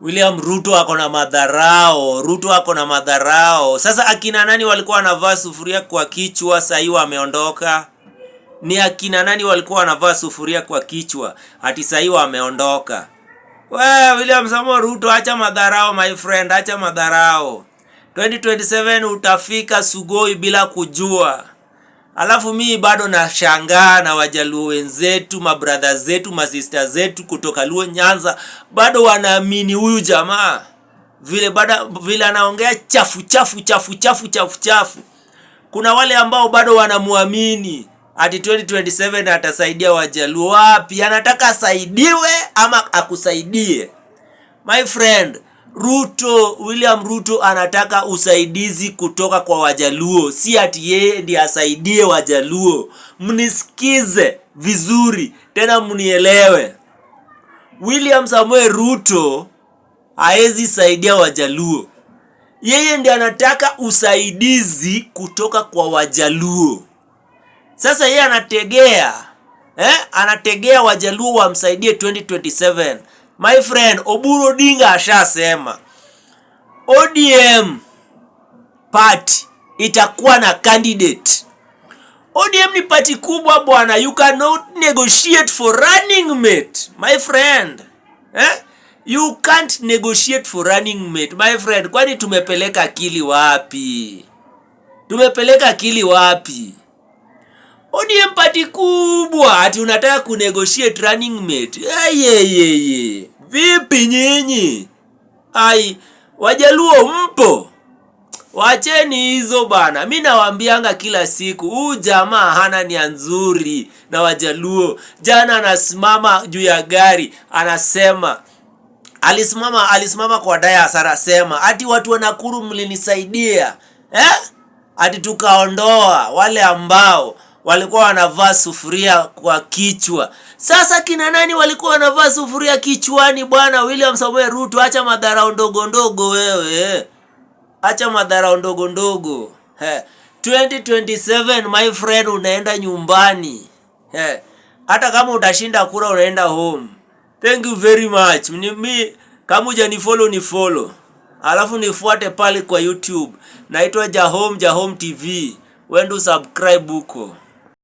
William Ruto ako na madharao, Ruto ako na madharao. Sasa akina nani walikuwa wanavaa sufuria kwa kichwa, sahii wameondoka? Ni akina nani walikuwa wanavaa sufuria kwa kichwa, ati sahii wameondoka? We William Samo Ruto, acha madharao my friend, acha madharao. 2027 utafika Sugoi bila kujua. Alafu mii bado nashangaa na wajaluo wenzetu, mabradha zetu, masista zetu kutoka Luo Nyanza bado wanaamini huyu jamaa vile, bado vile anaongea chafu chafu chafu chafu chafu chafu. Kuna wale ambao bado wanamwamini ati 2027 atasaidia wajaluo. Wapi? Anataka asaidiwe ama akusaidie? My friend Ruto, William Ruto anataka usaidizi kutoka kwa Wajaluo, si ati yeye ndiye asaidie Wajaluo. Mnisikize vizuri tena mnielewe. William Samuel Ruto haezi saidia Wajaluo, yeye ndiye anataka usaidizi kutoka kwa Wajaluo. Sasa yeye anategea eh, anategea Wajaluo wamsaidie 2027 My friend Oburu Odinga ashasema ODM party itakuwa na candidate. ODM ni party kubwa bwana, you cannot negotiate for running mate my friend eh? You can't negotiate for running mate my friend, kwani tumepeleka akili wapi? Tumepeleka akili wapi? ODM party kubwa ati unataka kunegotiate running mate. aye. Vipi nyinyi? Ai, Wajaluo mpo? Wacheni hizo bana. Mi nawaambianga kila siku, huu jamaa hana nia nzuri na Wajaluo. Jana anasimama juu ya gari anasema alisimama alisimama kwa daya sara sema ati watu wa Nakuru mlinisaidia eh? Ati tukaondoa wale ambao walikuwa wanavaa sufuria kwa kichwa. Sasa kina nani walikuwa wanavaa sufuria kichwani? Bwana William Samoei Ruto, acha madharau ndogo ndogo wewe, acha madharau ndogo ndogo. 2027 my friend, unaenda nyumbani. Hata kama utashinda kura unaenda home. Thank you very much. Mimi kama hujanifollow ni follow. Alafu nifuate pale kwa YouTube. Naitwa Jahome Jahome TV. Wende subscribe huko.